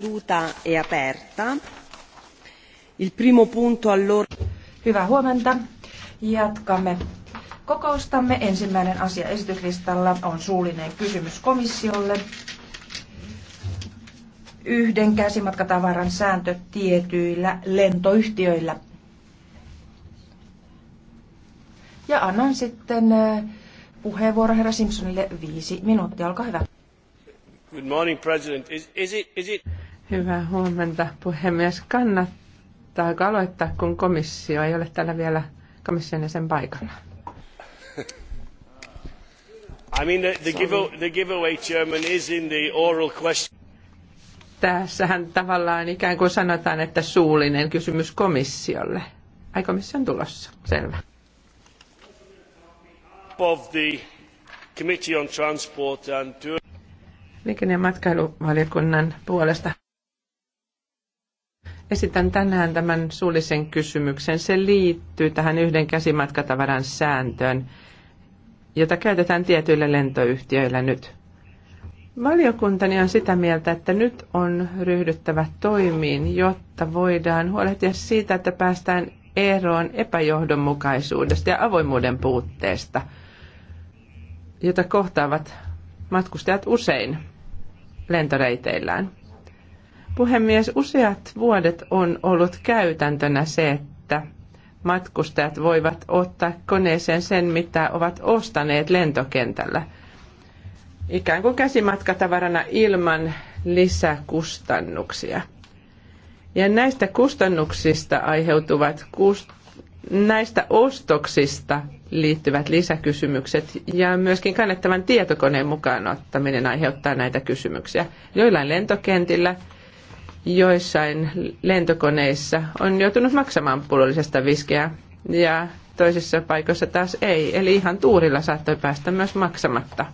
seduta è aperta. Il primo punto allora... Hyvää huomenta. Jatkamme kokoustamme. Ensimmäinen asia esityslistalla on suullinen kysymys komissiolle. Yhden käsimatkatavaran sääntö tietyillä lentoyhtiöillä. Ja annan sitten äh, puheenvuoro herra Simpsonille viisi minuuttia. Olkaa hyvä. Good morning, President. Is, is it, is it... Hyvää huomenta, puhemies. Kannattaako aloittaa, kun komissio ei ole täällä vielä komission sen paikalla? I mean, the, the, giveaway, the giveaway chairman is in the oral question. Tässähän tavallaan ikään kuin sanotaan, että suullinen kysymys komissiolle. Ai komission tulossa, selvä. Of the committee on transport and liikenne- ja matkailuvaliokunnan puolesta Esitän tänään tämän suullisen kysymyksen. Se liittyy tähän yhden käsimatkatavaran sääntöön, jota käytetään tietyillä lentoyhtiöillä nyt. Valiokuntani on sitä mieltä, että nyt on ryhdyttävä toimiin, jotta voidaan huolehtia siitä, että päästään eroon epäjohdonmukaisuudesta ja avoimuuden puutteesta, jota kohtaavat matkustajat usein lentoreiteillään. Puhemies, useat vuodet on ollut käytäntönä se, että matkustajat voivat ottaa koneeseen sen, mitä ovat ostaneet lentokentällä. Ikään kuin käsimatkatavarana ilman lisäkustannuksia. Ja näistä kustannuksista aiheutuvat kust- näistä ostoksista liittyvät lisäkysymykset ja myöskin kannettavan tietokoneen mukaan ottaminen aiheuttaa näitä kysymyksiä. Joillain lentokentillä – joissain lentokoneissa on joutunut maksamaan pullollisesta viskeä ja toisissa paikoissa taas ei. Eli ihan tuurilla saattoi päästä myös maksamatta.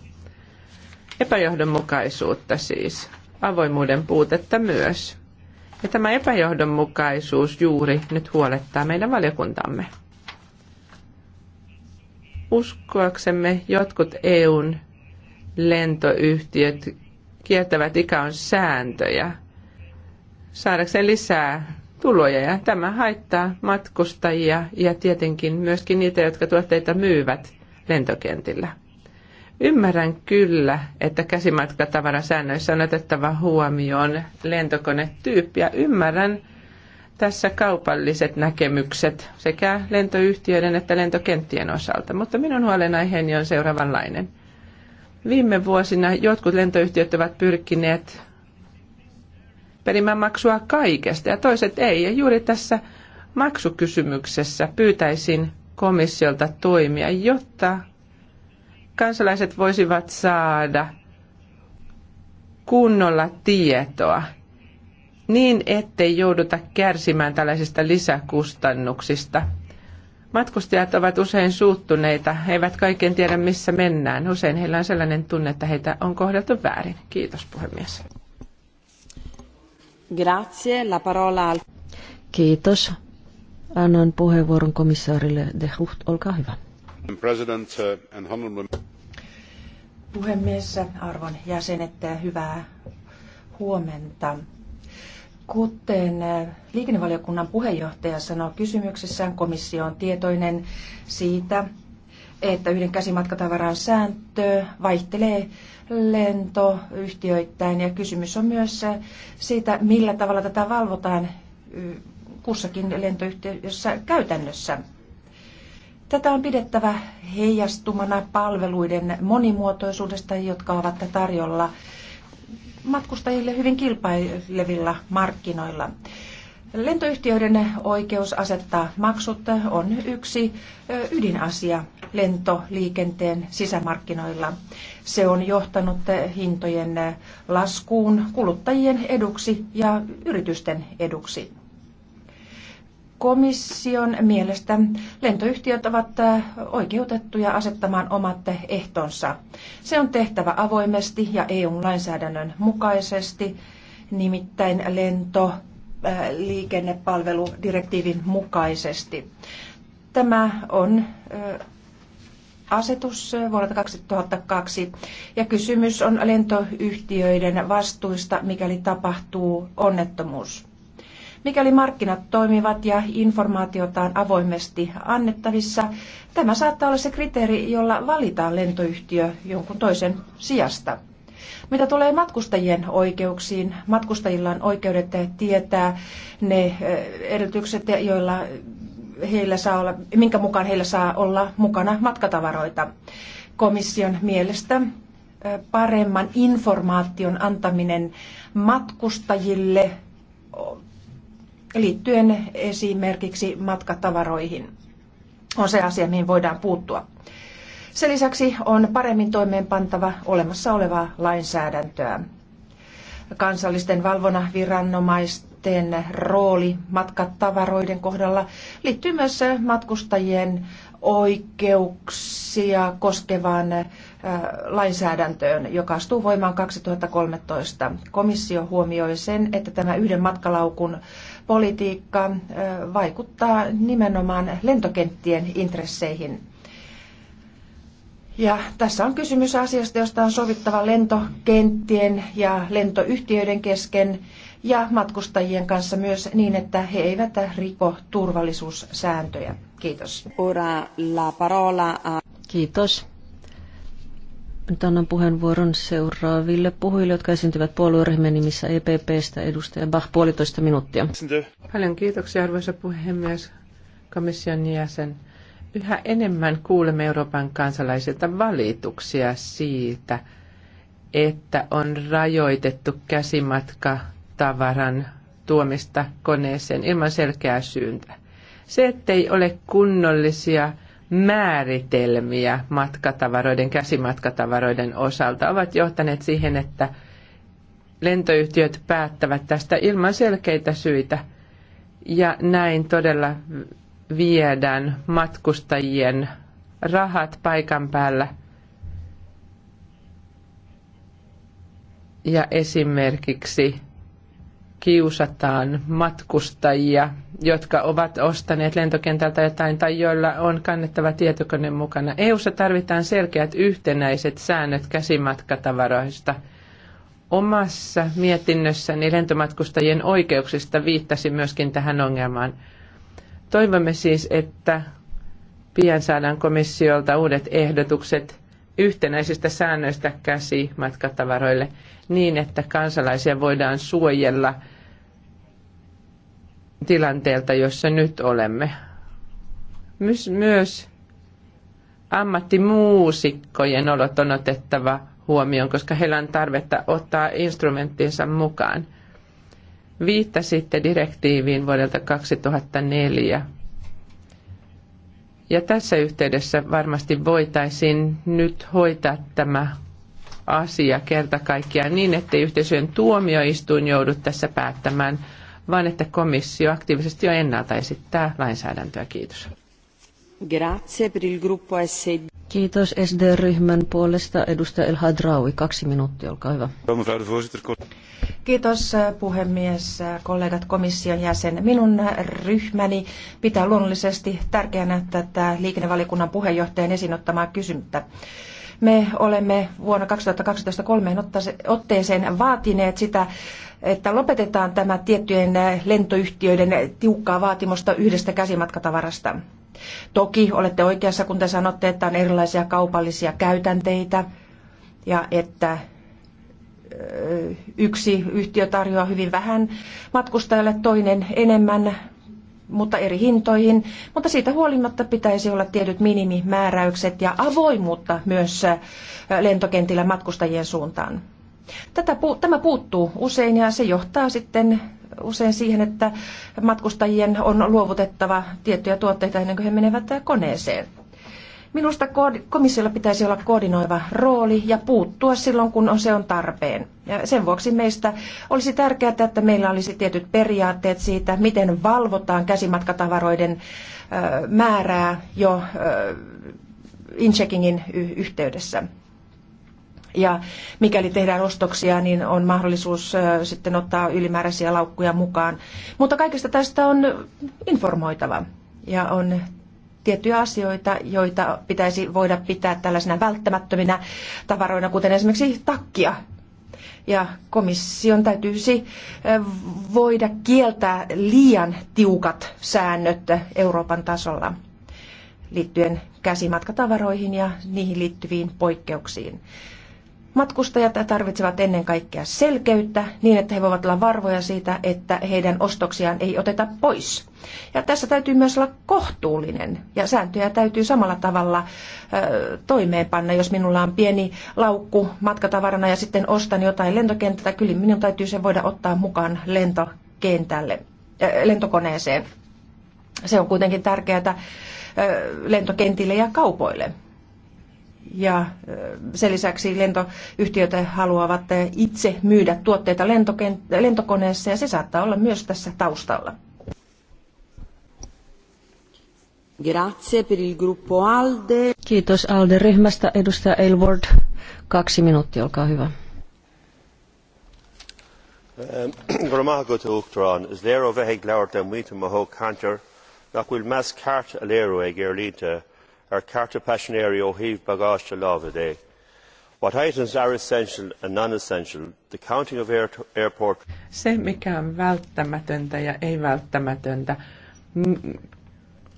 Epäjohdonmukaisuutta siis, avoimuuden puutetta myös. Ja tämä epäjohdonmukaisuus juuri nyt huolettaa meidän valiokuntamme. Uskoaksemme jotkut EUn lentoyhtiöt kiertävät ikään sääntöjä – saadakseen lisää tuloja ja tämä haittaa matkustajia ja tietenkin myöskin niitä, jotka tuotteita myyvät lentokentillä. Ymmärrän kyllä, että käsimatkatavarasäännöissä on otettava huomioon lentokonetyyppi ja ymmärrän tässä kaupalliset näkemykset sekä lentoyhtiöiden että lentokenttien osalta, mutta minun huolenaiheeni on seuraavanlainen. Viime vuosina jotkut lentoyhtiöt ovat pyrkineet perimään maksua kaikesta ja toiset ei. Ja juuri tässä maksukysymyksessä pyytäisin komissiolta toimia, jotta kansalaiset voisivat saada kunnolla tietoa niin, ettei jouduta kärsimään tällaisista lisäkustannuksista. Matkustajat ovat usein suuttuneita, he eivät kaiken tiedä missä mennään. Usein heillä on sellainen tunne, että heitä on kohdeltu väärin. Kiitos puhemies. Grazie. La parola Kiitos. Annan puheenvuoron komissaarille De Hucht. Olkaa hyvä. Uh, Puhemies, arvon jäsenet, hyvää huomenta. Kuten uh, liikennevaliokunnan puheenjohtaja sanoi kysymyksessään, komissio on tietoinen siitä, että yhden käsimatkatavaran sääntö vaihtelee lentoyhtiöittäin ja kysymys on myös siitä, millä tavalla tätä valvotaan kussakin lentoyhtiössä käytännössä. Tätä on pidettävä heijastumana palveluiden monimuotoisuudesta, jotka ovat tarjolla matkustajille hyvin kilpailevilla markkinoilla. Lentoyhtiöiden oikeus asettaa maksut on yksi ydinasia lentoliikenteen sisämarkkinoilla. Se on johtanut hintojen laskuun kuluttajien eduksi ja yritysten eduksi. Komission mielestä lentoyhtiöt ovat oikeutettuja asettamaan omat ehtonsa. Se on tehtävä avoimesti ja EU-lainsäädännön mukaisesti, nimittäin lento Äh, liikennepalveludirektiivin mukaisesti. Tämä on äh, asetus äh, vuodelta 2002 ja kysymys on lentoyhtiöiden vastuista, mikäli tapahtuu onnettomuus. Mikäli markkinat toimivat ja informaatiota on avoimesti annettavissa, tämä saattaa olla se kriteeri, jolla valitaan lentoyhtiö jonkun toisen sijasta. Mitä tulee matkustajien oikeuksiin, matkustajilla on oikeudet tietää ne eh, edellytykset, joilla heillä saa olla, minkä mukaan heillä saa olla mukana matkatavaroita. Komission mielestä eh, paremman informaation antaminen matkustajille eh, liittyen esimerkiksi matkatavaroihin on se asia, mihin voidaan puuttua. Sen lisäksi on paremmin toimeenpantava olemassa olevaa lainsäädäntöä. Kansallisten valvonaviranomaisten rooli matkatavaroiden kohdalla liittyy myös matkustajien oikeuksia koskevaan lainsäädäntöön, joka astuu voimaan 2013. Komissio huomioi sen, että tämä yhden matkalaukun politiikka vaikuttaa nimenomaan lentokenttien intresseihin. Ja tässä on kysymys asiasta, josta on sovittava lentokenttien ja lentoyhtiöiden kesken ja matkustajien kanssa myös niin, että he eivät riko turvallisuussääntöjä. Kiitos. Ora la parola. Kiitos. Nyt annan puheenvuoron seuraaville puhujille, jotka esiintyvät puolueryhmän nimissä EPPstä. Edustaja Bach, puolitoista minuuttia. Paljon kiitoksia, arvoisa puhemies, komission jäsen. Yhä enemmän kuulemme Euroopan kansalaisilta valituksia siitä, että on rajoitettu käsimatka tavaran tuomista koneeseen ilman selkeää syyntä. Se, ettei ole kunnollisia määritelmiä matkatavaroiden, käsimatkatavaroiden osalta, ovat johtaneet siihen, että lentoyhtiöt päättävät tästä ilman selkeitä syitä. Ja näin todella viedään matkustajien rahat paikan päällä. Ja esimerkiksi kiusataan matkustajia, jotka ovat ostaneet lentokentältä jotain tai joilla on kannettava tietokone mukana. EU:ssa tarvitaan selkeät yhtenäiset säännöt käsimatkatavaroista. Omassa mietinnössäni lentomatkustajien oikeuksista viittasi myöskin tähän ongelmaan. Toivomme siis, että pian saadaan komissiolta uudet ehdotukset yhtenäisistä säännöistä käsi matkatavaroille niin, että kansalaisia voidaan suojella tilanteelta, jossa nyt olemme. Myös, myös ammattimuusikkojen olot on otettava huomioon, koska heillä on tarvetta ottaa instrumenttinsa mukaan – Viittasitte direktiiviin vuodelta 2004. Ja tässä yhteydessä varmasti voitaisiin nyt hoitaa tämä asia kerta kaikkiaan niin, että yhteisöjen tuomioistuin joudut tässä päättämään, vaan että komissio aktiivisesti jo ennalta esittää lainsäädäntöä. Kiitos. Grazie per il gruppo SD. Kiitos SD-ryhmän puolesta. Edustaja El Hadraui, kaksi minuuttia, olkaa hyvä. Kiitos äh, puhemies, äh, kollegat, komission jäsen. Minun ryhmäni pitää luonnollisesti tärkeänä tätä liikennevalikunnan puheenjohtajan esiin ottamaa kysymystä. Me olemme vuonna 2012 kolmeen otteeseen vaatineet sitä, että lopetetaan tämä tiettyjen äh, lentoyhtiöiden tiukkaa vaatimusta yhdestä käsimatkatavarasta. Toki olette oikeassa, kun te sanotte, että on erilaisia kaupallisia käytänteitä ja että yksi yhtiö tarjoaa hyvin vähän matkustajalle, toinen enemmän, mutta eri hintoihin. Mutta siitä huolimatta pitäisi olla tietyt minimimääräykset ja avoimuutta myös lentokentillä matkustajien suuntaan. Tätä, tämä puuttuu usein ja se johtaa sitten usein siihen, että matkustajien on luovutettava tiettyjä tuotteita ennen kuin he menevät koneeseen. Minusta komissiolla pitäisi olla koordinoiva rooli ja puuttua silloin, kun se on tarpeen. Ja sen vuoksi meistä olisi tärkeää, että meillä olisi tietyt periaatteet siitä, miten valvotaan käsimatkatavaroiden määrää jo incheckingin yhteydessä ja mikäli tehdään ostoksia, niin on mahdollisuus sitten ottaa ylimääräisiä laukkuja mukaan. Mutta kaikesta tästä on informoitava ja on tiettyjä asioita, joita pitäisi voida pitää tällaisena välttämättöminä tavaroina, kuten esimerkiksi takkia. Ja komission täytyisi voida kieltää liian tiukat säännöt Euroopan tasolla liittyen käsimatkatavaroihin ja niihin liittyviin poikkeuksiin. Matkustajat tarvitsevat ennen kaikkea selkeyttä niin, että he voivat olla varvoja siitä, että heidän ostoksiaan ei oteta pois. Ja tässä täytyy myös olla kohtuullinen ja sääntöjä täytyy samalla tavalla ö, toimeenpanna. Jos minulla on pieni laukku matkatavarana ja sitten ostan jotain lentokentältä, kyllä minun täytyy se voida ottaa mukaan lentokentälle, ö, lentokoneeseen. Se on kuitenkin tärkeää lentokentille ja kaupoille ja sen lisäksi lentoyhtiöt haluavat itse myydä tuotteita lentokoneessa ja se saattaa olla myös tässä taustalla. Grazie per il gruppo ALDE. Kiitos ALDE-ryhmästä. Edustaja Aylward, kaksi minuuttia, olkaa hyvä. Ehm, ar cearta paisinéirí ó thaobh bagáiste lámh é. what items are essential and non essential the counting of air airport. se mikä on välttämätöntä ja ei välttämätöntä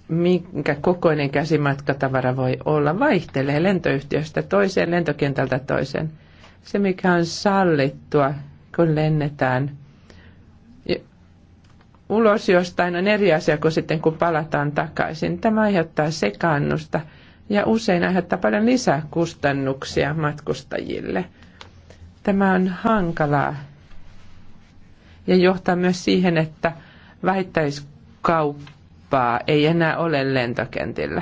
minkä kokoinen käsimatkatavara voi olla vaihtelee lentoyhtiöstä toiseen lentokentältä toiseen. Se mikä on sallittua kun lennetään ulos jostain on eri asia kuin sitten kun palataan takaisin. Tämä aiheuttaa sekaannusta ja usein aiheuttaa paljon lisää kustannuksia matkustajille. Tämä on hankalaa ja johtaa myös siihen, että vähittäiskauppaa ei enää ole lentokentillä.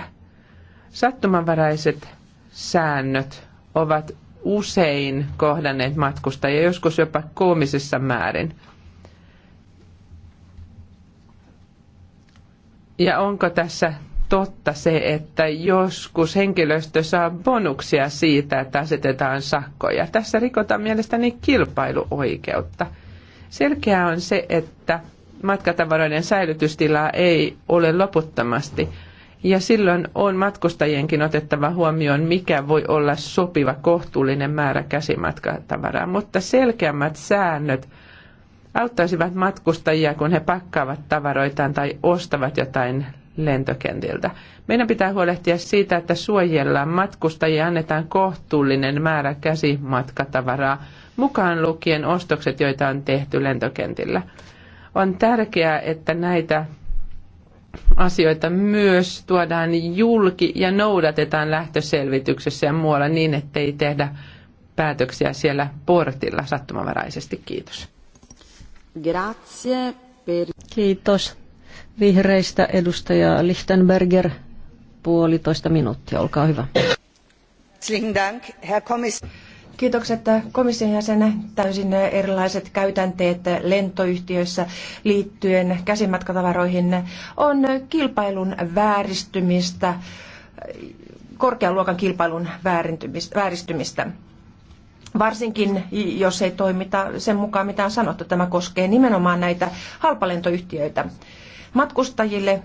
Sattumanvaraiset säännöt ovat usein kohdanneet matkustajia, joskus jopa koomisessa määrin – Ja onko tässä totta se, että joskus henkilöstö saa bonuksia siitä, että asetetaan sakkoja. Tässä rikotaan mielestäni kilpailuoikeutta. Selkeää on se, että matkatavaroiden säilytystilaa ei ole loputtomasti. Ja silloin on matkustajienkin otettava huomioon, mikä voi olla sopiva kohtuullinen määrä käsimatkatavaraa. Mutta selkeämmät säännöt – auttaisivat matkustajia, kun he pakkaavat tavaroitaan tai ostavat jotain lentokentiltä. Meidän pitää huolehtia siitä, että suojellaan matkustajia, annetaan kohtuullinen määrä käsimatkatavaraa, mukaan lukien ostokset, joita on tehty lentokentillä. On tärkeää, että näitä asioita myös tuodaan julki ja noudatetaan lähtöselvityksessä ja muualla niin, ettei tehdä päätöksiä siellä portilla sattumavaraisesti. Kiitos. Grazie per... Kiitos. Vihreistä edustaja Lichtenberger, puolitoista minuuttia, olkaa hyvä. Kiitokset äh, komission jäsenä täysin äh, erilaiset käytänteet äh, lentoyhtiöissä liittyen käsimatkatavaroihin on kilpailun vääristymistä, korkean luokan kilpailun vääristymistä Varsinkin, jos ei toimita sen mukaan, mitä on sanottu. Tämä koskee nimenomaan näitä halpalentoyhtiöitä. Matkustajille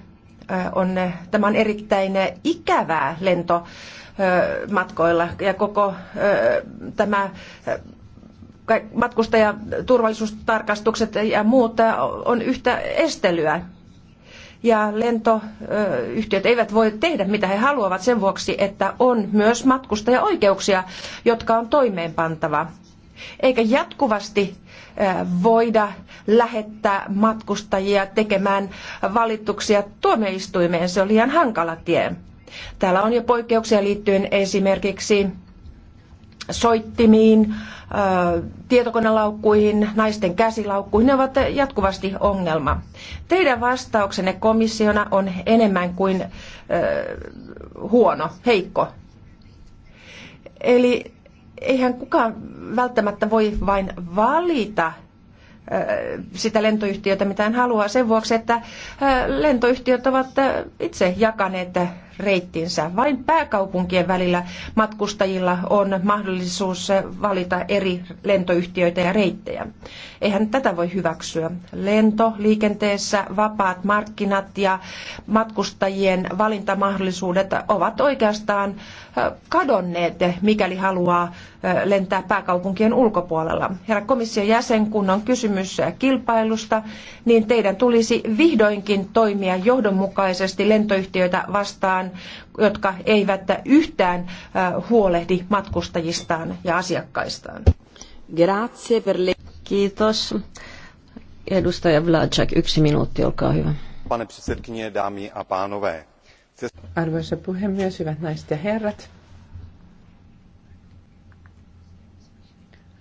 äh, on, tämä on erittäin ikävää lentomatkoilla äh, ja koko äh, tämä matkustajaturvallisuustarkastukset ja muut on yhtä estelyä ja lentoyhtiöt eivät voi tehdä mitä he haluavat sen vuoksi, että on myös matkustajaoikeuksia, jotka on toimeenpantava. Eikä jatkuvasti äh, voida lähettää matkustajia tekemään valituksia tuomioistuimeen. Se on liian hankala tie. Täällä on jo poikkeuksia liittyen esimerkiksi soittimiin, tietokonelaukkuihin, naisten käsilaukkuihin. Ne ovat jatkuvasti ongelma. Teidän vastauksenne komissiona on enemmän kuin huono, heikko. Eli eihän kukaan välttämättä voi vain valita sitä lentoyhtiötä, mitä hän haluaa, sen vuoksi, että lentoyhtiöt ovat itse jakaneet reittinsä. Vain pääkaupunkien välillä matkustajilla on mahdollisuus valita eri lentoyhtiöitä ja reittejä. Eihän tätä voi hyväksyä. Lento, liikenteessä, vapaat markkinat ja matkustajien valintamahdollisuudet ovat oikeastaan kadonneet, mikäli haluaa lentää pääkaupunkien ulkopuolella. Herra komission jäsen, kun on kysymys kilpailusta, niin teidän tulisi vihdoinkin toimia johdonmukaisesti lentoyhtiöitä vastaan paljon, jotka eivät yhtään huolehdi matkustajistaan ja asiakkaistaan. Grazie per le... Kiitos. Edustaja Vlacek, yksi minuutti, olkaa hyvä. Arvoisa puhemies, hyvät naiset ja herrat.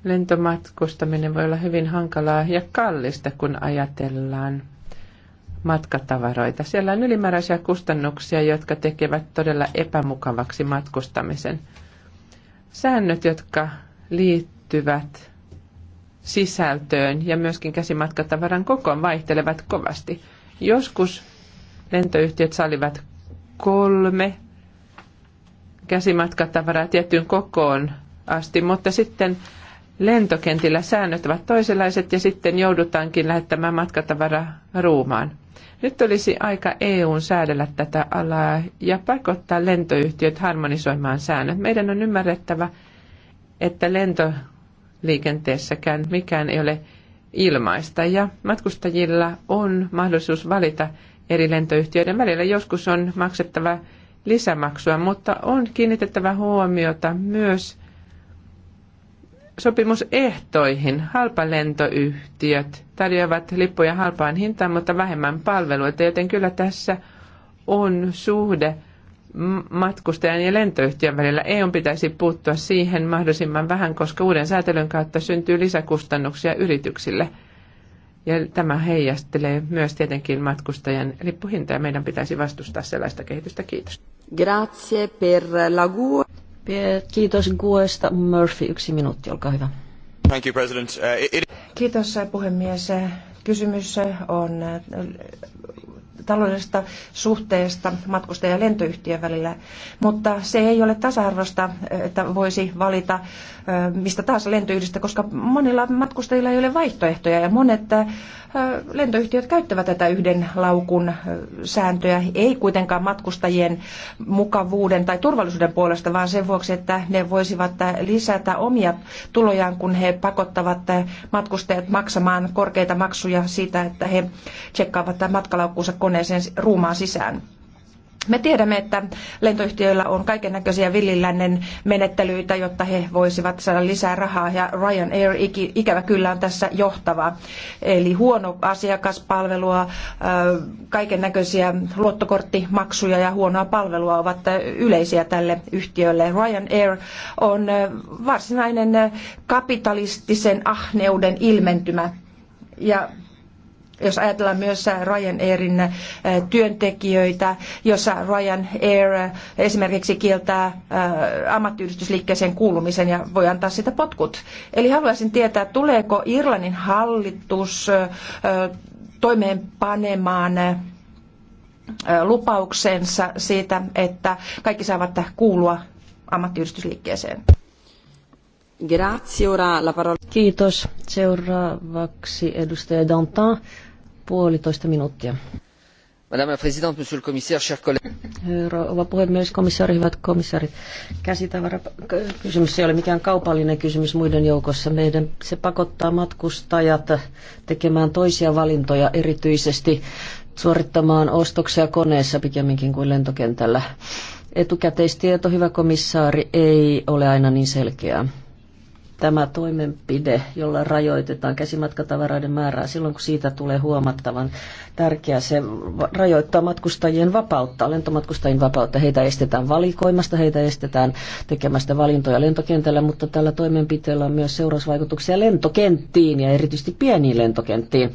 Lentomatkustaminen voi olla hyvin hankalaa ja kallista, kun ajatellaan matkatavaroita. Siellä on ylimääräisiä kustannuksia, jotka tekevät todella epämukavaksi matkustamisen. Säännöt, jotka liittyvät sisältöön ja myöskin käsimatkatavaran kokoon vaihtelevat kovasti. Joskus lentoyhtiöt sallivat kolme käsimatkatavaraa tiettyyn kokoon asti, mutta sitten lentokentillä säännöt ovat toisenlaiset ja sitten joudutaankin lähettämään matkatavara ruumaan. Nyt olisi aika EUn säädellä tätä alaa ja pakottaa lentoyhtiöt harmonisoimaan säännöt. Meidän on ymmärrettävä, että lentoliikenteessäkään mikään ei ole ilmaista ja matkustajilla on mahdollisuus valita eri lentoyhtiöiden välillä. Joskus on maksettava lisämaksua, mutta on kiinnitettävä huomiota myös – sopimusehtoihin. Halpalentoyhtiöt tarjoavat lippuja halpaan hintaan, mutta vähemmän palveluita, joten kyllä tässä on suhde matkustajan ja lentoyhtiön välillä. Ei on pitäisi puuttua siihen mahdollisimman vähän, koska uuden säätelyn kautta syntyy lisäkustannuksia yrityksille. Ja tämä heijastelee myös tietenkin matkustajan lippuhintaa ja meidän pitäisi vastustaa sellaista kehitystä. Kiitos. Grazie per la Kiitos Guesta. Murphy, yksi minuutti, olkaa hyvä. Thank you, President. Uh, Kiitos puhemies. Kysymys on taloudellisesta suhteesta matkustaja- ja lentoyhtiön välillä, mutta se ei ole tasa arvoista että voisi valita mistä taas lentoyhdistä, koska monilla matkustajilla ei ole vaihtoehtoja ja monet lentoyhtiöt käyttävät tätä yhden laukun sääntöä, ei kuitenkaan matkustajien mukavuuden tai turvallisuuden puolesta, vaan sen vuoksi, että ne voisivat lisätä omia tulojaan, kun he pakottavat matkustajat maksamaan korkeita maksuja siitä, että he tsekkaavat matkalaukkuunsa koneen huoneeseen ruumaan sisään. Me tiedämme, että lentoyhtiöillä on kaiken näköisiä villilännen menettelyitä, jotta he voisivat saada lisää rahaa ja Ryanair ikävä kyllä on tässä johtava. Eli huono asiakaspalvelua, kaiken näköisiä luottokorttimaksuja ja huonoa palvelua ovat yleisiä tälle yhtiölle. Ryanair on varsinainen kapitalistisen ahneuden ilmentymä ja jos ajatellaan myös Ryanairin työntekijöitä, jossa Ryanair esimerkiksi kieltää ammattiyhdistysliikkeeseen kuulumisen ja voi antaa sitä potkut. Eli haluaisin tietää, tuleeko Irlannin hallitus toimeenpanemaan lupauksensa siitä, että kaikki saavat kuulua ammattiyhdistysliikkeeseen. Grazie, ora la parola. Kiitos. Seuraavaksi edustaja Dantin puolitoista minuuttia. Madame la Présidente, Monsieur le Commissaire, chers collègues. Rouva puhemies, komissaari, hyvät komissaarit. Käsitavara kysymys ei ole mikään kaupallinen kysymys muiden joukossa. Meidän se pakottaa matkustajat tekemään toisia valintoja, erityisesti suorittamaan ostoksia koneessa pikemminkin kuin lentokentällä. Etukäteistieto, hyvä komissaari, ei ole aina niin selkeää tämä toimenpide, jolla rajoitetaan käsimatkatavaroiden määrää silloin, kun siitä tulee huomattavan tärkeää. Se rajoittaa matkustajien vapautta, lentomatkustajien vapautta. Heitä estetään valikoimasta, heitä estetään tekemästä valintoja lentokentällä, mutta tällä toimenpiteellä on myös seurausvaikutuksia lentokenttiin ja erityisesti pieniin lentokenttiin.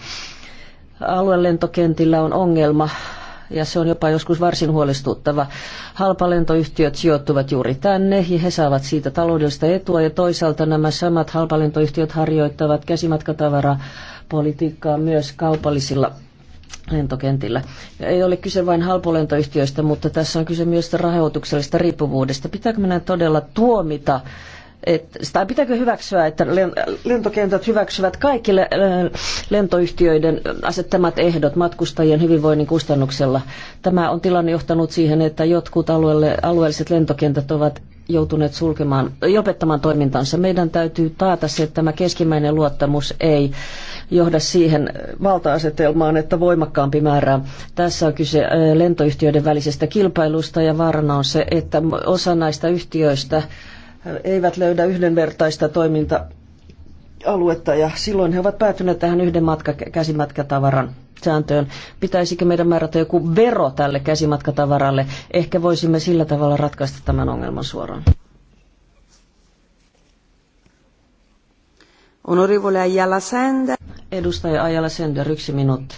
Aluelentokentillä on ongelma ja se on jopa joskus varsin huolestuttava. Halpalentoyhtiöt sijoittuvat juuri tänne ja he saavat siitä taloudellista etua ja toisaalta nämä samat halpalentoyhtiöt harjoittavat käsimatkatavarapolitiikkaa myös kaupallisilla lentokentillä. Ei ole kyse vain halpolentoyhtiöistä, mutta tässä on kyse myös rahoituksellisesta riippuvuudesta. Pitääkö meidän todella tuomita että, tai pitääkö hyväksyä, että lentokentät hyväksyvät kaikille lentoyhtiöiden asettamat ehdot matkustajien hyvinvoinnin kustannuksella. Tämä on tilanne johtanut siihen, että jotkut alueelle, alueelliset lentokentät ovat joutuneet sulkemaan, lopettamaan toimintansa. Meidän täytyy taata se, että tämä keskimäinen luottamus ei johda siihen valta-asetelmaan, että voimakkaampi määrä. Tässä on kyse lentoyhtiöiden välisestä kilpailusta ja vaarana on se, että osa näistä yhtiöistä eivät löydä yhdenvertaista toiminta aluetta ja silloin he ovat päätyneet tähän yhden matka, käsimatkatavaran sääntöön. Pitäisikö meidän määrätä joku vero tälle käsimatkatavaralle? Ehkä voisimme sillä tavalla ratkaista tämän ongelman suoraan. Honorable Ayala Sender. Edustaja Ayala Sender, yksi minuutti.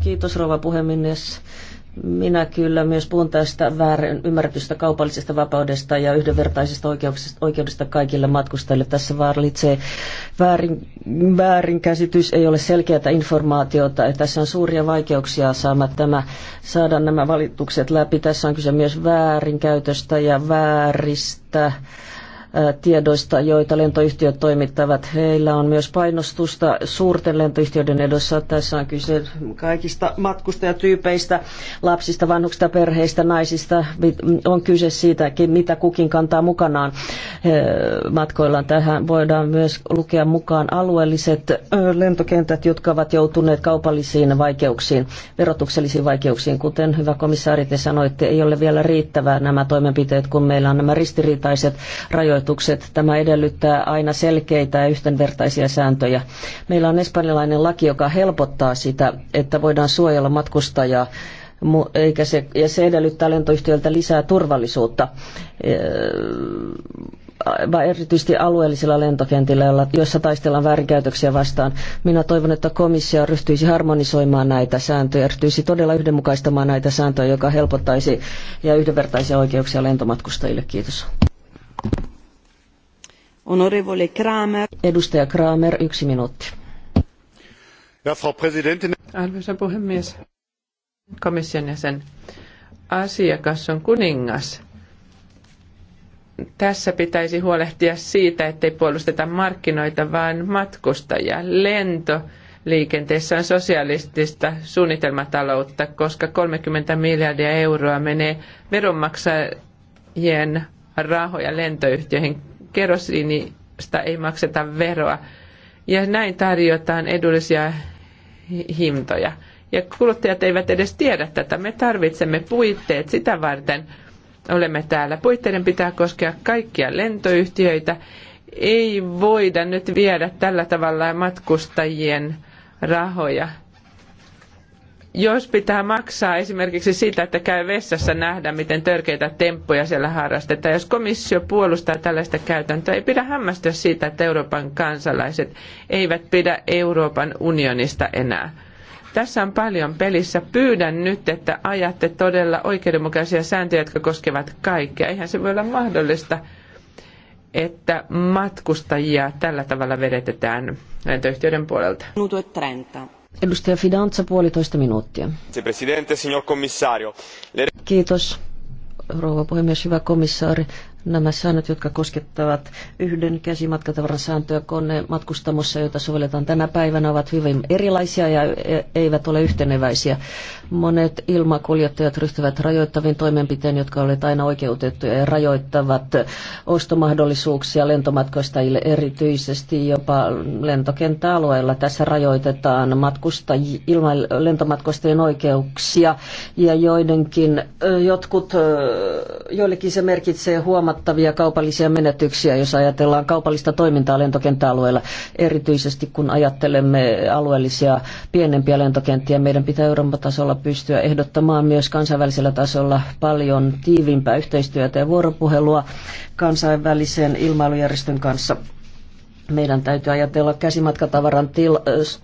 Kiitos rouva puhemies. Minä kyllä myös puhun tästä väärin ymmärretystä kaupallisesta vapaudesta ja yhdenvertaisesta oikeudesta, oikeudesta kaikille matkustajille. Tässä vaarallitsee väärin, väärinkäsitys, ei ole selkeää informaatiota. Ja tässä on suuria vaikeuksia saada, tämä, saada nämä valitukset läpi. Tässä on kyse myös väärinkäytöstä ja vääristä tiedoista, joita lentoyhtiöt toimittavat. Heillä on myös painostusta suurten lentoyhtiöiden edossa. Tässä on kyse kaikista matkustajatyypeistä, lapsista, vanhuksista, perheistä, naisista. On kyse siitäkin, mitä kukin kantaa mukanaan matkoillaan. Tähän voidaan myös lukea mukaan alueelliset lentokentät, jotka ovat joutuneet kaupallisiin vaikeuksiin, verotuksellisiin vaikeuksiin. Kuten hyvä komissaari, te sanoitte, ei ole vielä riittävää nämä toimenpiteet, kun meillä on nämä ristiriitaiset rajoitukset ehdotukset. Tämä edellyttää aina selkeitä ja yhdenvertaisia sääntöjä. Meillä on espanjalainen laki, joka helpottaa sitä, että voidaan suojella matkustajaa eikä se, ja se edellyttää lentoyhtiöltä lisää turvallisuutta eh, erityisesti alueellisilla lentokentillä, joissa taistellaan väärinkäytöksiä vastaan. Minä toivon, että komissio ryhtyisi harmonisoimaan näitä sääntöjä, ryhtyisi todella yhdenmukaistamaan näitä sääntöjä, joka helpottaisi ja yhdenvertaisia oikeuksia lentomatkustajille. Kiitos. Onorevole Kramer. Edustaja Kramer, yksi minuutti. Ja, Frau Präsidentin. Arvoisa puhemies, komission jäsen, asiakas on kuningas. Tässä pitäisi huolehtia siitä, ettei puolusteta markkinoita, vaan matkustajia. Lento liikenteessä on sosialistista suunnitelmataloutta, koska 30 miljardia euroa menee veronmaksajien rahoja lentoyhtiöihin kerosiinista ei makseta veroa. Ja näin tarjotaan edullisia hintoja. Ja kuluttajat eivät edes tiedä tätä. Me tarvitsemme puitteet sitä varten. Olemme täällä. Puitteiden pitää koskea kaikkia lentoyhtiöitä. Ei voida nyt viedä tällä tavalla matkustajien rahoja jos pitää maksaa esimerkiksi siitä, että käy vessassa nähdä, miten törkeitä temppuja siellä harrastetaan, jos komissio puolustaa tällaista käytäntöä, ei pidä hämmästyä siitä, että Euroopan kansalaiset eivät pidä Euroopan unionista enää. Tässä on paljon pelissä. Pyydän nyt, että ajatte todella oikeudenmukaisia sääntöjä, jotka koskevat kaikkea. Eihän se voi olla mahdollista, että matkustajia tällä tavalla vedetetään lentoyhtiöiden puolelta. 30. Edustaja Fidanza, puolitoista minuuttia. Kiitos, rouva puhemies, hyvä komissaari. Nämä säännöt, jotka koskettavat yhden käsimatkatavaran sääntöä matkustamossa, joita sovelletaan tänä päivänä, ovat hyvin erilaisia ja e- eivät ole yhteneväisiä. Monet ilmakuljettajat ryhtyvät rajoittaviin toimenpiteen, jotka olivat aina oikeutettuja ja rajoittavat ostomahdollisuuksia lentomatkustajille erityisesti jopa lentokenttäalueilla. Tässä rajoitetaan ilma, lentomatkustajien oikeuksia ja joidenkin, jotkut, joillekin se merkitsee huomattavia kaupallisia menetyksiä, jos ajatellaan kaupallista toimintaa lentokenttäalueella, erityisesti kun ajattelemme alueellisia pienempiä lentokenttiä. Meidän pitää Euroopan tasolla pystyä ehdottamaan myös kansainvälisellä tasolla paljon tiiviimpää yhteistyötä ja vuoropuhelua kansainvälisen ilmailujärjestön kanssa meidän täytyy ajatella käsimatkatavaran til-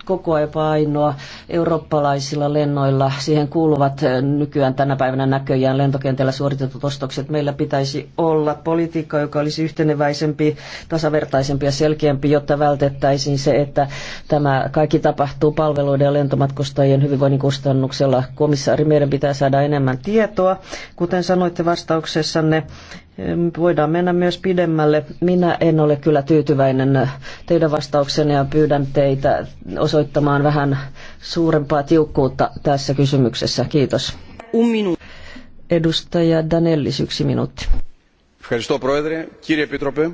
koko ajan painoa eurooppalaisilla lennoilla. Siihen kuuluvat nykyään tänä päivänä näköjään lentokentällä suoritetut ostokset. Meillä pitäisi olla politiikka, joka olisi yhteneväisempi, tasavertaisempi ja selkeämpi, jotta vältettäisiin se, että tämä kaikki tapahtuu palveluiden ja lentomatkustajien hyvinvoinnin kustannuksella. Komissaari, meidän pitää saada enemmän tietoa, kuten sanoitte vastauksessanne, Voidaan mennä myös pidemmälle. Minä en ole kyllä tyytyväinen teidän vastauksenne ja pyydän teitä osoittamaan vähän suurempaa tiukkuutta tässä kysymyksessä. Kiitos. Un Edustaja Danellis, yksi minuutti. Ευχαριστώ, Πρόεδρε. Κύριε Επίτροπε,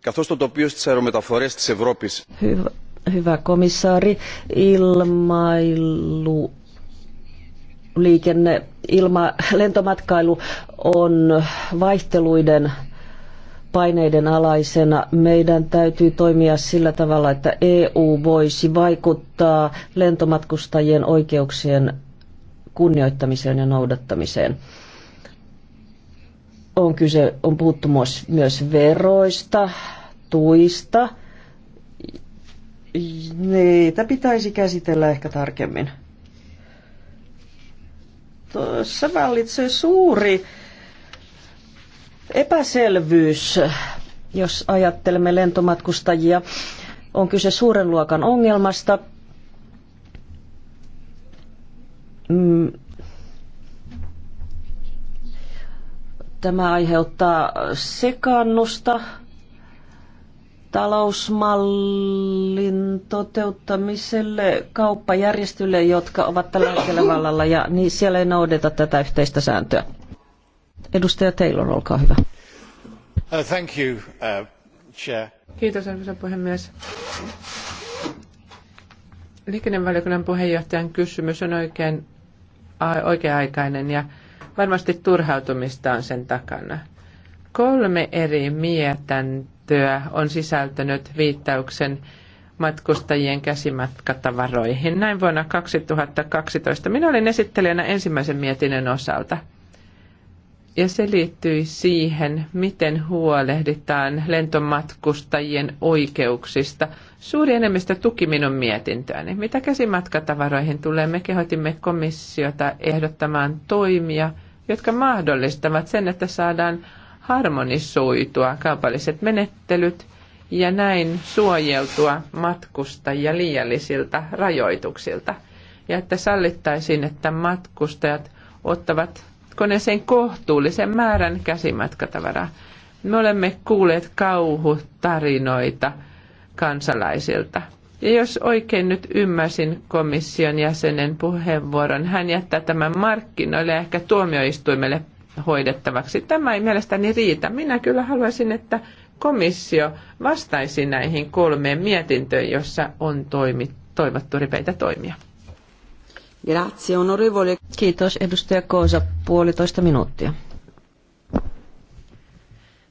καθώς το τοπίο στις αερομεταφορές της Ευρώπης... Hyvä, hyvä komissaari, ilmailu liikenne, ilma, lentomatkailu on vaihteluiden paineiden alaisena. Meidän täytyy toimia sillä tavalla, että EU voisi vaikuttaa lentomatkustajien oikeuksien kunnioittamiseen ja noudattamiseen. On, kyse, on puhuttu myös, myös veroista, tuista. Niitä pitäisi käsitellä ehkä tarkemmin. Se vallitsee suuri epäselvyys, jos ajattelemme lentomatkustajia. On kyse suuren luokan ongelmasta. Mm. Tämä aiheuttaa sekannusta talousmallin toteuttamiselle kauppajärjestöille, jotka ovat tällä hetkellä vallalla, ja niin siellä ei noudeta tätä yhteistä sääntöä. Edustaja Taylor, olkaa hyvä. Uh, thank you, uh, chair. Kiitos, arvoisa puhemies. Liikennevaliokunnan puheenjohtajan kysymys on oikein oikea-aikainen ja varmasti turhautumista on sen takana. Kolme eri mietän yhteistyö on sisältänyt viittauksen matkustajien käsimatkatavaroihin. Näin vuonna 2012 minä olin esittelijänä ensimmäisen mietinnön osalta. Ja se liittyi siihen, miten huolehditaan lentomatkustajien oikeuksista. Suuri enemmistö tuki minun mietintöäni. Mitä käsimatkatavaroihin tulee, me kehotimme komissiota ehdottamaan toimia, jotka mahdollistavat sen, että saadaan harmonisoitua kaupalliset menettelyt ja näin suojeltua matkustajia liiallisilta rajoituksilta. Ja että sallittaisiin, että matkustajat ottavat koneeseen kohtuullisen määrän käsimatkatavaraa. Me olemme kuulleet kauhutarinoita kansalaisilta. Ja jos oikein nyt ymmärsin komission jäsenen puheenvuoron, hän jättää tämän markkinoille ja ehkä tuomioistuimelle hoidettavaksi. Tämä ei mielestäni riitä. Minä kyllä haluaisin, että komissio vastaisi näihin kolmeen mietintöön, jossa on toimi, toivottu ripeitä toimia. Grazie, onorevole. Kiitos, edustaja Koosa, puolitoista minuuttia.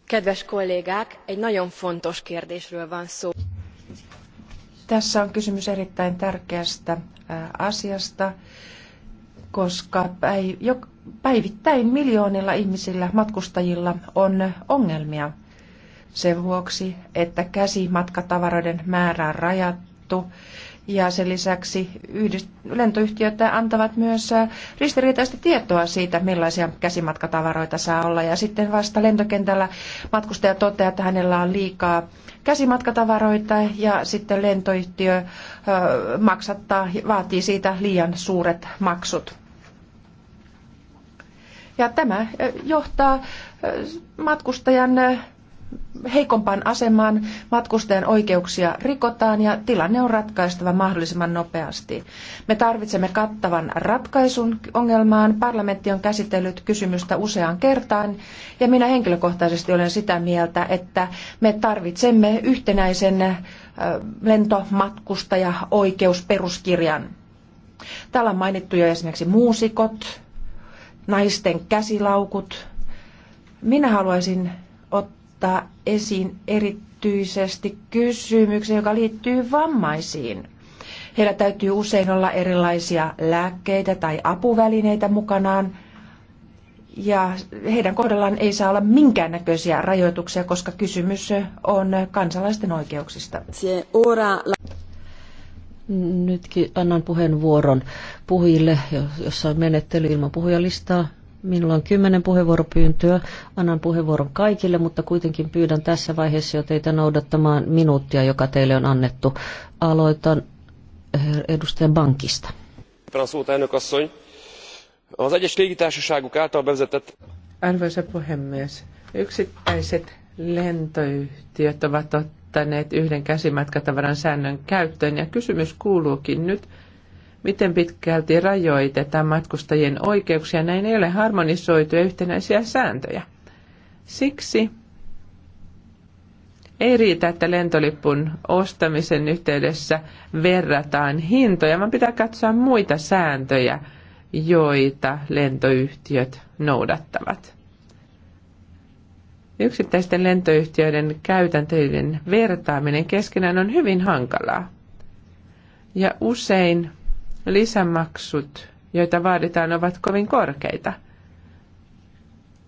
Kedves kollégák, egy nagyon fontos kérdésről van szó. Tässä on kysymys erittäin tärkeästä asiasta koska päivittäin miljoonilla ihmisillä matkustajilla on ongelmia sen vuoksi, että käsimatkatavaroiden määrä on rajattu ja sen lisäksi lentoyhtiöt antavat myös äh, ristiriitaista tietoa siitä, millaisia käsimatkatavaroita saa olla. Ja sitten vasta lentokentällä matkustaja toteaa, että hänellä on liikaa käsimatkatavaroita ja sitten lentoyhtiö maksattaa, vaatii siitä liian suuret maksut. Ja tämä johtaa matkustajan heikompaan asemaan, matkustajan oikeuksia rikotaan ja tilanne on ratkaistava mahdollisimman nopeasti. Me tarvitsemme kattavan ratkaisun ongelmaan. Parlamentti on käsitellyt kysymystä useaan kertaan ja minä henkilökohtaisesti olen sitä mieltä, että me tarvitsemme yhtenäisen lentomatkustaja-oikeusperuskirjan. Täällä on mainittu jo esimerkiksi muusikot, naisten käsilaukut. Minä haluaisin ottaa esiin erityisesti kysymyksen, joka liittyy vammaisiin. Heillä täytyy usein olla erilaisia lääkkeitä tai apuvälineitä mukanaan, ja heidän kohdallaan ei saa olla minkäännäköisiä rajoituksia, koska kysymys on kansalaisten oikeuksista. Nytkin annan puheenvuoron puhujille, jossa on menettely ilman puhujalistaa. Minulla on kymmenen puheenvuoropyyntöä. Annan puheenvuoron kaikille, mutta kuitenkin pyydän tässä vaiheessa jo teitä noudattamaan minuuttia, joka teille on annettu. Aloitan eh, edustajan Bankista. Arvoisa puhemies, yksittäiset lentoyhtiöt ovat ottaneet yhden käsimatkatavaran säännön käyttöön ja kysymys kuuluukin nyt, miten pitkälti rajoitetaan matkustajien oikeuksia. Näin ei ole harmonisoituja yhtenäisiä sääntöjä. Siksi ei riitä, että lentolipun ostamisen yhteydessä verrataan hintoja, vaan pitää katsoa muita sääntöjä, joita lentoyhtiöt noudattavat. Yksittäisten lentoyhtiöiden käytäntöiden vertaaminen keskenään on hyvin hankalaa. Ja usein lisämaksut, joita vaaditaan, ovat kovin korkeita.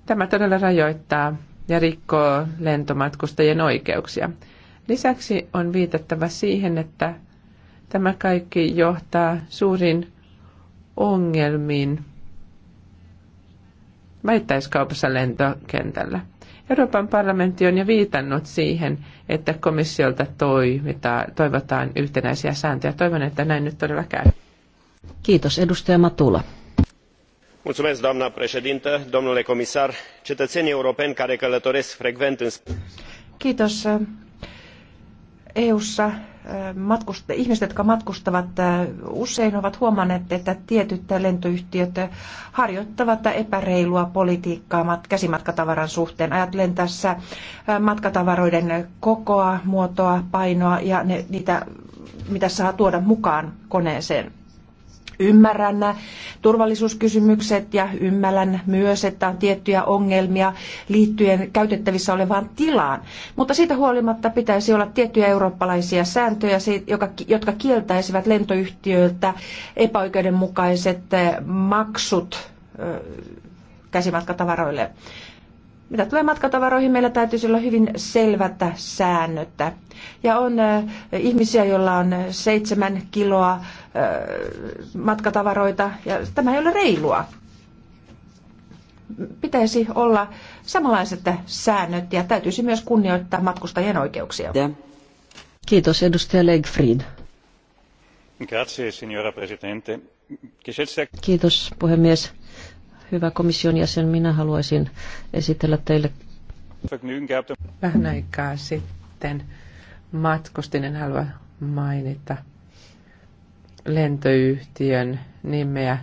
Tämä todella rajoittaa ja rikkoo lentomatkustajien oikeuksia. Lisäksi on viitattava siihen, että tämä kaikki johtaa suurin ongelmiin väittäiskaupassa lentokentällä. Euroopan parlamentti on jo viitannut siihen, että komissiolta toivotaan yhtenäisiä sääntöjä. Toivon, että näin nyt todella käy. Kiitos, edustaja Matula. Mulțumesc, doamna președintă, domnule comisar, cetățenii europeni care călătoresc frecvent în... Kiitos. EU-ssa eh, matkust, ihmiset, jotka matkustavat eh, usein, ovat huomanneet, että tietyt lentoyhtiöt eh, harjoittavat epäreilua politiikkaa käsimatkatavaran suhteen. Ajattelen tässä matkatavaroiden kokoa, muotoa, painoa ja ne, niitä, mitä saa tuoda mukaan koneeseen ymmärrän turvallisuuskysymykset ja ymmärrän myös, että on tiettyjä ongelmia liittyen käytettävissä olevaan tilaan. Mutta siitä huolimatta pitäisi olla tiettyjä eurooppalaisia sääntöjä, jotka kieltäisivät lentoyhtiöiltä epäoikeudenmukaiset eh, maksut eh, käsimatkatavaroille. Mitä tulee matkatavaroihin, meillä täytyisi olla hyvin selvätä säännöttä. Ja on ihmisiä, joilla on seitsemän kiloa matkatavaroita, ja tämä ei ole reilua. Pitäisi olla samanlaiset säännöt ja täytyisi myös kunnioittaa matkustajien oikeuksia. Kiitos, edustaja Legfried. Grazie, signora Presidente. Kiitos, puhemies Hyvä komission jäsen, minä haluaisin esitellä teille. Vähän aikaa sitten matkustin, en halua mainita lentoyhtiön nimeä,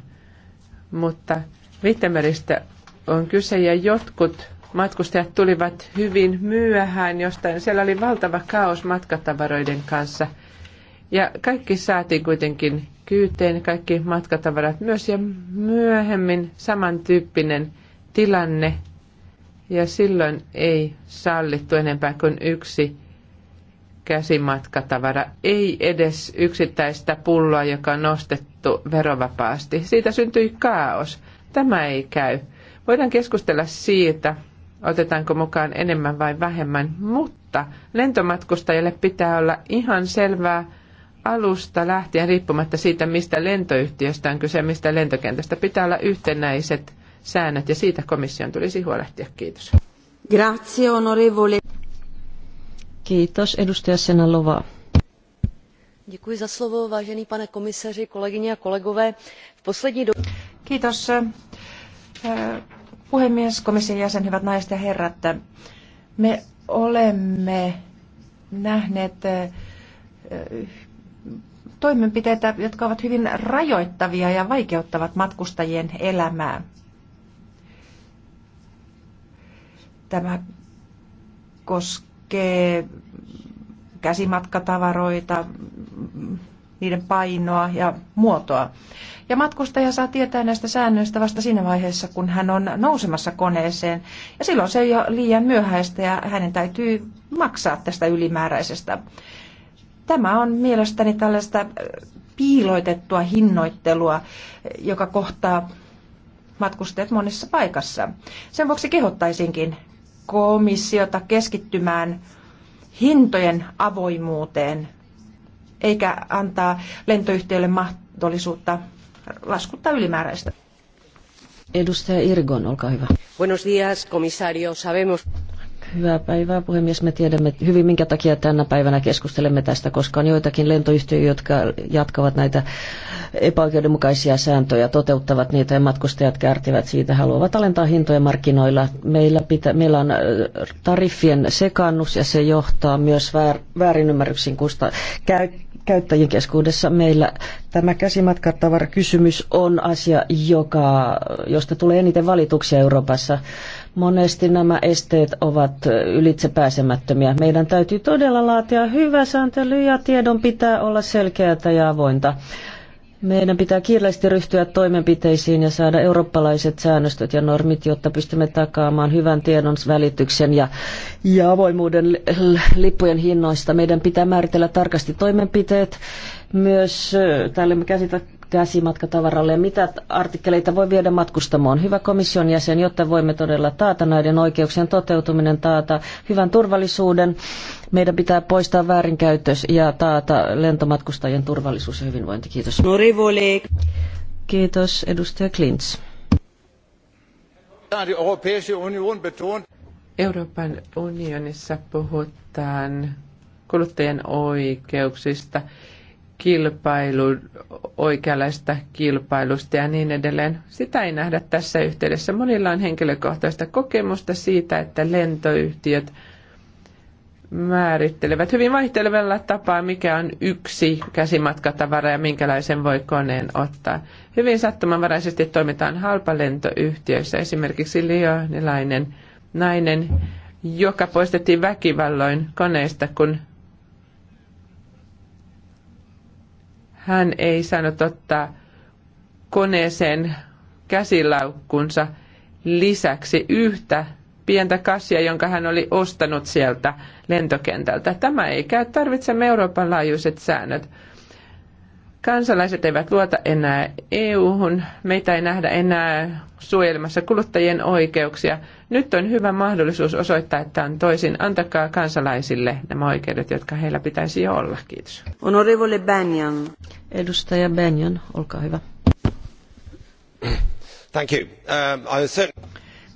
mutta Vittemeristä on kyse ja jotkut matkustajat tulivat hyvin myöhään jostain. Siellä oli valtava kaos matkatavaroiden kanssa ja kaikki saatiin kuitenkin kyyteen kaikki matkatavarat myös ja myöhemmin samantyyppinen tilanne ja silloin ei sallittu enempää kuin yksi käsimatkatavara, ei edes yksittäistä pulloa, joka on nostettu verovapaasti. Siitä syntyi kaos. Tämä ei käy. Voidaan keskustella siitä, otetaanko mukaan enemmän vai vähemmän, mutta lentomatkustajalle pitää olla ihan selvää, alusta lähtien, riippumatta siitä, mistä lentoyhtiöstä on kyse, mistä lentokentästä, pitää olla yhtenäiset säännöt ja siitä komission tulisi huolehtia. Kiitos. Grazie, onorevole. Kiitos, edustaja Senalova. Děkuji za slovo, vážený pane komisaři, kolegyně a kolegové. V poslední do... Kiitos, eh, puhemies, komission jäsen, hyvät naiset ja herrat. Me olemme nähneet eh, toimenpiteitä, jotka ovat hyvin rajoittavia ja vaikeuttavat matkustajien elämää. Tämä koskee käsimatkatavaroita, niiden painoa ja muotoa. Ja matkustaja saa tietää näistä säännöistä vasta siinä vaiheessa, kun hän on nousemassa koneeseen. Ja silloin se on ole liian myöhäistä ja hänen täytyy maksaa tästä ylimääräisestä. Tämä on mielestäni tällaista äh, piiloitettua hinnoittelua, äh, joka kohtaa matkustajat monessa paikassa. Sen vuoksi kehottaisinkin komissiota keskittymään hintojen avoimuuteen, eikä antaa lentoyhtiöille mahdollisuutta laskuttaa ylimääräistä. Edustaja Irgon, olkaa hyvä. Buenos días, comisario. Sabemos... Hyvää päivää, puhemies. Me tiedämme hyvin, minkä takia tänä päivänä keskustelemme tästä, koska on joitakin lentoyhtiöjä, jotka jatkavat näitä epäoikeudenmukaisia sääntöjä, toteuttavat niitä ja matkustajat kärtivät siitä, haluavat alentaa hintoja markkinoilla. Meillä, pitä, meillä on äh, tariffien sekannus ja se johtaa myös väär, väärinymmärryksiin kusta, käy, käyttäjien keskuudessa. Meillä tämä käsimatkatavarakysymys on asia, joka, josta tulee eniten valituksia Euroopassa. Monesti nämä esteet ovat ylitsepääsemättömiä. Meidän täytyy todella laatia hyvä sääntely ja tiedon pitää olla selkeää ja avointa. Meidän pitää kiireesti ryhtyä toimenpiteisiin ja saada eurooppalaiset säännöstöt ja normit, jotta pystymme takaamaan hyvän tiedon välityksen ja, ja avoimuuden lippujen hinnoista. Meidän pitää määritellä tarkasti toimenpiteet. Myös täällä me käsitä käsimatkatavaralle ja mitä artikkeleita voi viedä matkustamoon. Hyvä komission jäsen, jotta voimme todella taata näiden oikeuksien toteutuminen, taata hyvän turvallisuuden. Meidän pitää poistaa väärinkäytös ja taata lentomatkustajien turvallisuus ja hyvinvointi. Kiitos. Kiitos, edustaja Klints. Euroopan unionissa puhutaan kuluttajien oikeuksista kilpailu, oikeanlaista kilpailusta ja niin edelleen. Sitä ei nähdä tässä yhteydessä. Monilla on henkilökohtaista kokemusta siitä, että lentoyhtiöt määrittelevät hyvin vaihtelevalla tapaa, mikä on yksi käsimatkatavara ja minkälaisen voi koneen ottaa. Hyvin sattumanvaraisesti toimitaan halpalentoyhtiöissä. Esimerkiksi lionilainen nainen, joka poistettiin väkivalloin koneesta, kun Hän ei saanut ottaa koneeseen käsilaukkunsa lisäksi yhtä pientä kassia, jonka hän oli ostanut sieltä lentokentältä. Tämä ei käy. Tarvitsemme Euroopan laajuiset säännöt. Kansalaiset eivät luota enää EU-hun, meitä ei nähdä enää suojelmassa kuluttajien oikeuksia. Nyt on hyvä mahdollisuus osoittaa, että on toisin. Antakaa kansalaisille nämä oikeudet, jotka heillä pitäisi jo olla. Kiitos. Honorevole Banyan. Edustaja Banyan, olkaa hyvä. Thank you. Um, I said...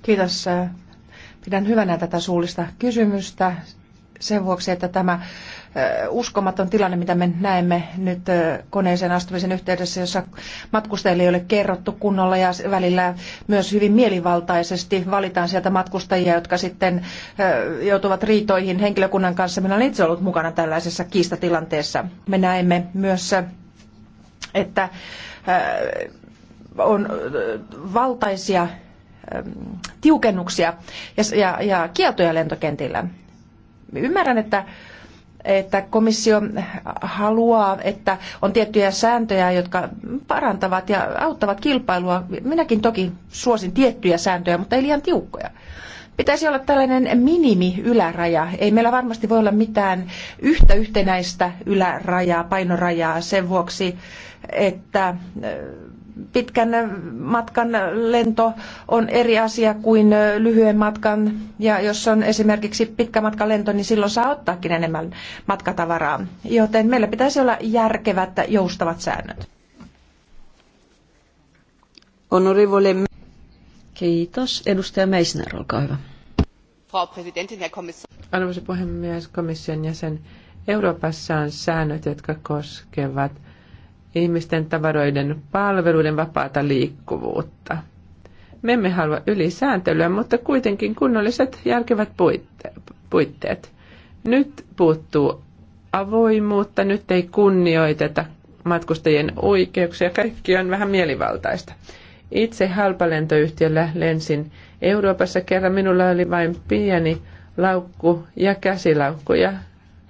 Kiitos. Pidän hyvänä tätä suullista kysymystä sen vuoksi, että tämä uskomaton tilanne, mitä me näemme nyt koneeseen astumisen yhteydessä, jossa matkustajille ei ole kerrottu kunnolla ja välillä myös hyvin mielivaltaisesti valitaan sieltä matkustajia, jotka sitten joutuvat riitoihin henkilökunnan kanssa. Minä olen itse ollut mukana tällaisessa kiistatilanteessa. Me näemme myös, että on valtaisia tiukennuksia ja, ja, ja kieltoja lentokentillä. Ymmärrän, että että komissio haluaa, että on tiettyjä sääntöjä, jotka parantavat ja auttavat kilpailua. Minäkin toki suosin tiettyjä sääntöjä, mutta ei liian tiukkoja. Pitäisi olla tällainen minimi-yläraja. Ei meillä varmasti voi olla mitään yhtä yhtenäistä ylärajaa, painorajaa sen vuoksi, että pitkän matkan lento on eri asia kuin lyhyen matkan. Ja jos on esimerkiksi pitkä matka lento, niin silloin saa ottaakin enemmän matkatavaraa. Joten meillä pitäisi olla järkevät joustavat säännöt. Honorevole. Kiitos. Edustaja Meisner, olkaa hyvä. Arvoisa puhemies, komission jäsen. Euroopassa on säännöt, jotka koskevat – ihmisten tavaroiden palveluiden vapaata liikkuvuutta. Me emme halua ylisääntelyä, mutta kuitenkin kunnolliset järkevät puitteet. Nyt puuttuu avoimuutta, nyt ei kunnioiteta matkustajien oikeuksia, kaikki on vähän mielivaltaista. Itse halpalentoyhtiöllä lensin Euroopassa kerran, minulla oli vain pieni laukku ja käsilaukku ja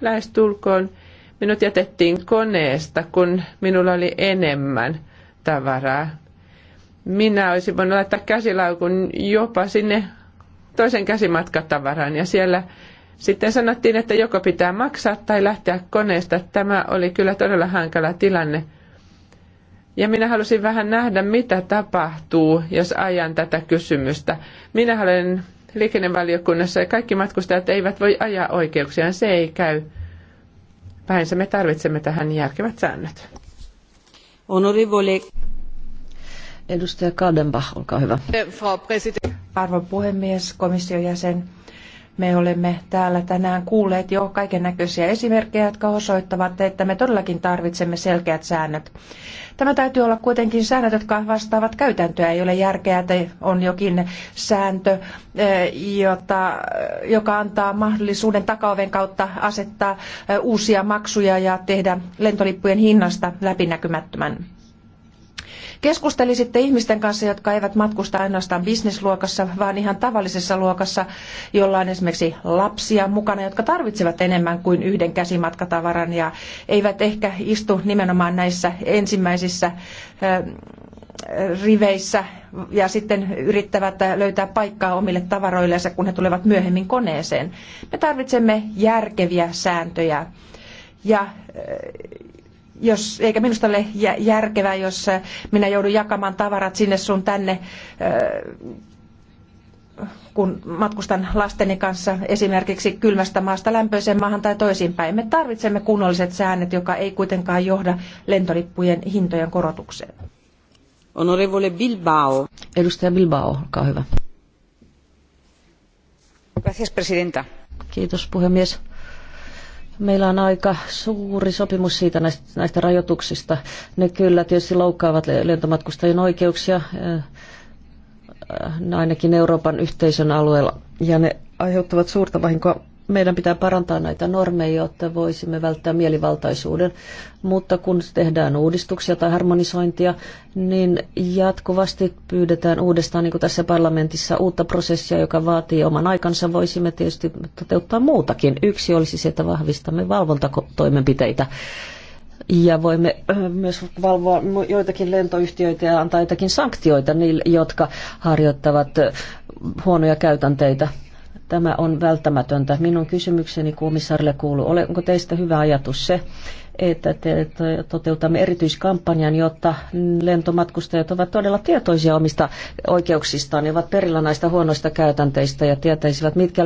lähestulkoon tulkoon Minut jätettiin koneesta, kun minulla oli enemmän tavaraa. Minä olisin voinut laittaa käsilaukun jopa sinne toisen käsimatkatavaraan ja siellä sitten sanottiin, että joko pitää maksaa tai lähteä koneesta. Tämä oli kyllä todella hankala tilanne. Ja minä halusin vähän nähdä, mitä tapahtuu, jos ajan tätä kysymystä. Minä olen liikennevaliokunnassa ja kaikki matkustajat eivät voi ajaa oikeuksiaan. Se ei käy päänsä me tarvitsemme tähän järkevät säännöt. Honorable. Edustaja Kadenbach, olkaa hyvä. Arvon puhemies, komission jäsen. Me olemme täällä tänään kuulleet jo kaiken näköisiä esimerkkejä, jotka osoittavat, että me todellakin tarvitsemme selkeät säännöt. Tämä täytyy olla kuitenkin säännöt, jotka vastaavat käytäntöä. Ei ole järkeä, että on jokin sääntö, eh, jota, joka antaa mahdollisuuden takaoven kautta asettaa eh, uusia maksuja ja tehdä lentolippujen hinnasta läpinäkymättömän. Keskustelisitte ihmisten kanssa, jotka eivät matkusta ainoastaan bisnesluokassa, vaan ihan tavallisessa luokassa, jolla on esimerkiksi lapsia mukana, jotka tarvitsevat enemmän kuin yhden käsimatkatavaran ja eivät ehkä istu nimenomaan näissä ensimmäisissä riveissä ja sitten yrittävät löytää paikkaa omille tavaroillensa, kun he tulevat myöhemmin koneeseen. Me tarvitsemme järkeviä sääntöjä ja jos, eikä minusta ole järkevää, jos äh, minä joudun jakamaan tavarat sinne sun tänne, äh, kun matkustan lasteni kanssa esimerkiksi kylmästä maasta lämpöiseen maahan tai toisinpäin. Me tarvitsemme kunnolliset säännöt, joka ei kuitenkaan johda lentolippujen hintojen korotukseen. Honorevole Bilbao. Edustaja Bilbao, olkaa hyvä. Gracias, presidenta. Kiitos puhemies Meillä on aika suuri sopimus siitä näistä, näistä rajoituksista. Ne kyllä tietysti loukkaavat lentomatkustajien oikeuksia eh, eh, ainakin Euroopan yhteisön alueella ja ne aiheuttavat suurta vahinkoa meidän pitää parantaa näitä normeja, jotta voisimme välttää mielivaltaisuuden. Mutta kun tehdään uudistuksia tai harmonisointia, niin jatkuvasti pyydetään uudestaan, niin kuin tässä parlamentissa, uutta prosessia, joka vaatii oman aikansa. Voisimme tietysti toteuttaa muutakin. Yksi olisi se, että vahvistamme valvontatoimenpiteitä. Ja voimme äh, myös valvoa joitakin lentoyhtiöitä ja antaa joitakin sanktioita niille, jotka harjoittavat äh, huonoja käytänteitä. Tämä on välttämätöntä. Minun kysymykseni kuumisarille kuuluu, onko teistä hyvä ajatus se, että te, toteutamme erityiskampanjan, jotta lentomatkustajat ovat todella tietoisia omista oikeuksistaan, ne ovat perillä näistä huonoista käytänteistä ja tietäisivät, mitkä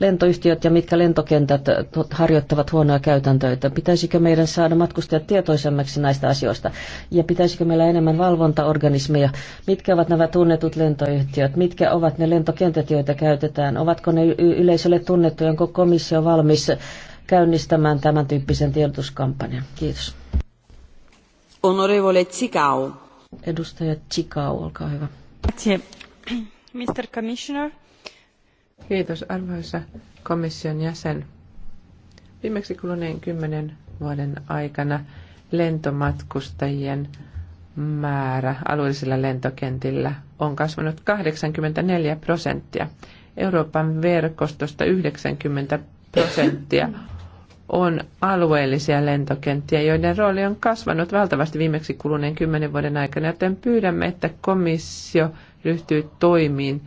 lentoyhtiöt ja mitkä lentokentät harjoittavat huonoja käytäntöitä. Pitäisikö meidän saada matkustajat tietoisemmaksi näistä asioista ja pitäisikö meillä enemmän valvontaorganismeja? Mitkä ovat nämä tunnetut lentoyhtiöt? Mitkä ovat ne lentokentät, joita käytetään? Ovatko ne yleisölle tunnettuja? Onko komissio valmis käynnistämään tämän tyyppisen tiedotuskampanjan. Kiitos. Onorevole Tsikau. Edustaja Tsikau, olkaa hyvä. Mr. Commissioner. Kiitos arvoisa komission jäsen. Viimeksi kuluneen kymmenen vuoden aikana lentomatkustajien määrä alueellisilla lentokentillä on kasvanut 84 prosenttia. Euroopan verkostosta 90 prosenttia on alueellisia lentokenttiä, joiden rooli on kasvanut valtavasti viimeksi kuluneen kymmenen vuoden aikana, joten pyydämme, että komissio ryhtyy toimiin,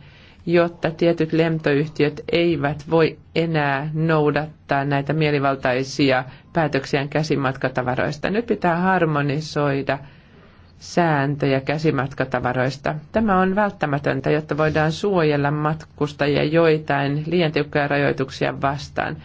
jotta tietyt lentoyhtiöt eivät voi enää noudattaa näitä mielivaltaisia päätöksiä käsimatkatavaroista. Nyt pitää harmonisoida sääntöjä käsimatkatavaroista. Tämä on välttämätöntä, jotta voidaan suojella matkustajia joitain liian tiukkoja rajoituksia vastaan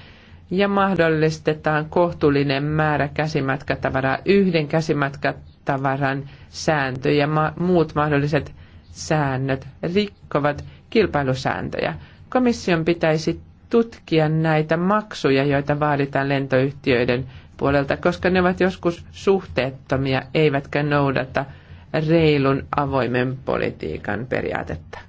ja mahdollistetaan kohtuullinen määrä käsimatkatavaraa, yhden käsimatkatavaran sääntö ja ma- muut mahdolliset säännöt rikkovat kilpailusääntöjä. Komission pitäisi tutkia näitä maksuja, joita vaaditaan lentoyhtiöiden puolelta, koska ne ovat joskus suhteettomia, eivätkä noudata reilun avoimen politiikan periaatetta.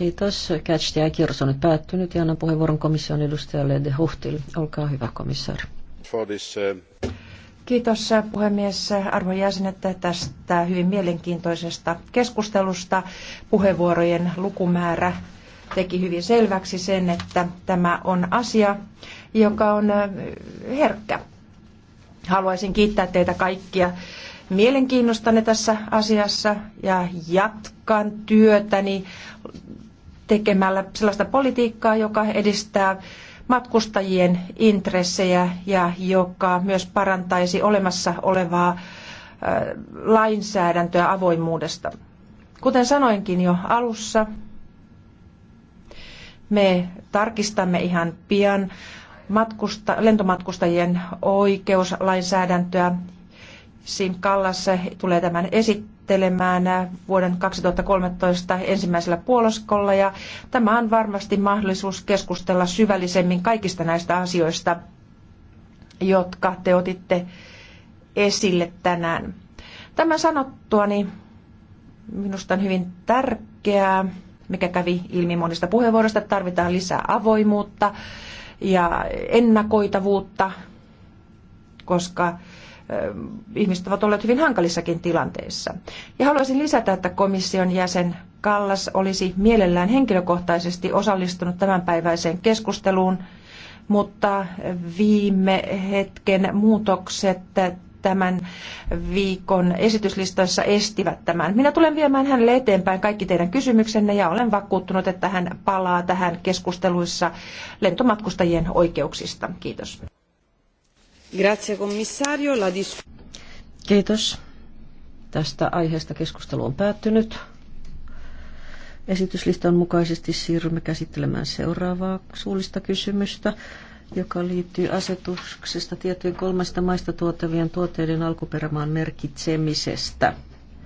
Kiitos. Catch the kierros on nyt päättynyt ja annan puheenvuoron komission edustajalle De Huhtil. Olkaa hyvä, komissaari. Uh, Kiitos puhemies arvon jäsenet tästä hyvin mielenkiintoisesta keskustelusta. Puheenvuorojen lukumäärä teki hyvin selväksi sen, että tämä on asia, joka on herkkä. Haluaisin kiittää teitä kaikkia mielenkiinnostanne tässä asiassa ja jatkan työtäni tekemällä sellaista politiikkaa, joka edistää matkustajien intressejä ja joka myös parantaisi olemassa olevaa lainsäädäntöä avoimuudesta. Kuten sanoinkin jo alussa, me tarkistamme ihan pian matkusta, lentomatkustajien oikeuslainsäädäntöä. Sim Kallas tulee tämän esittämään käsittelemään vuoden 2013 ensimmäisellä puoliskolla ja tämä on varmasti mahdollisuus keskustella syvällisemmin kaikista näistä asioista, jotka te otitte esille tänään. Tämä sanottuani niin minusta on hyvin tärkeää, mikä kävi ilmi monista puheenvuoroista, että tarvitaan lisää avoimuutta ja ennakoitavuutta, koska ihmiset ovat olleet hyvin hankalissakin tilanteissa. Ja haluaisin lisätä, että komission jäsen Kallas olisi mielellään henkilökohtaisesti osallistunut tämänpäiväiseen keskusteluun, mutta viime hetken muutokset tämän viikon esityslistoissa estivät tämän. Minä tulen viemään hänelle eteenpäin kaikki teidän kysymyksenne ja olen vakuuttunut, että hän palaa tähän keskusteluissa lentomatkustajien oikeuksista. Kiitos. Grazie, komissario. La Kiitos. Tästä aiheesta keskustelu on päättynyt. Esityslistan mukaisesti siirrymme käsittelemään seuraavaa suullista kysymystä, joka liittyy asetuksesta tiettyjen kolmesta maista tuotavien tuotteiden alkuperämaan merkitsemisestä.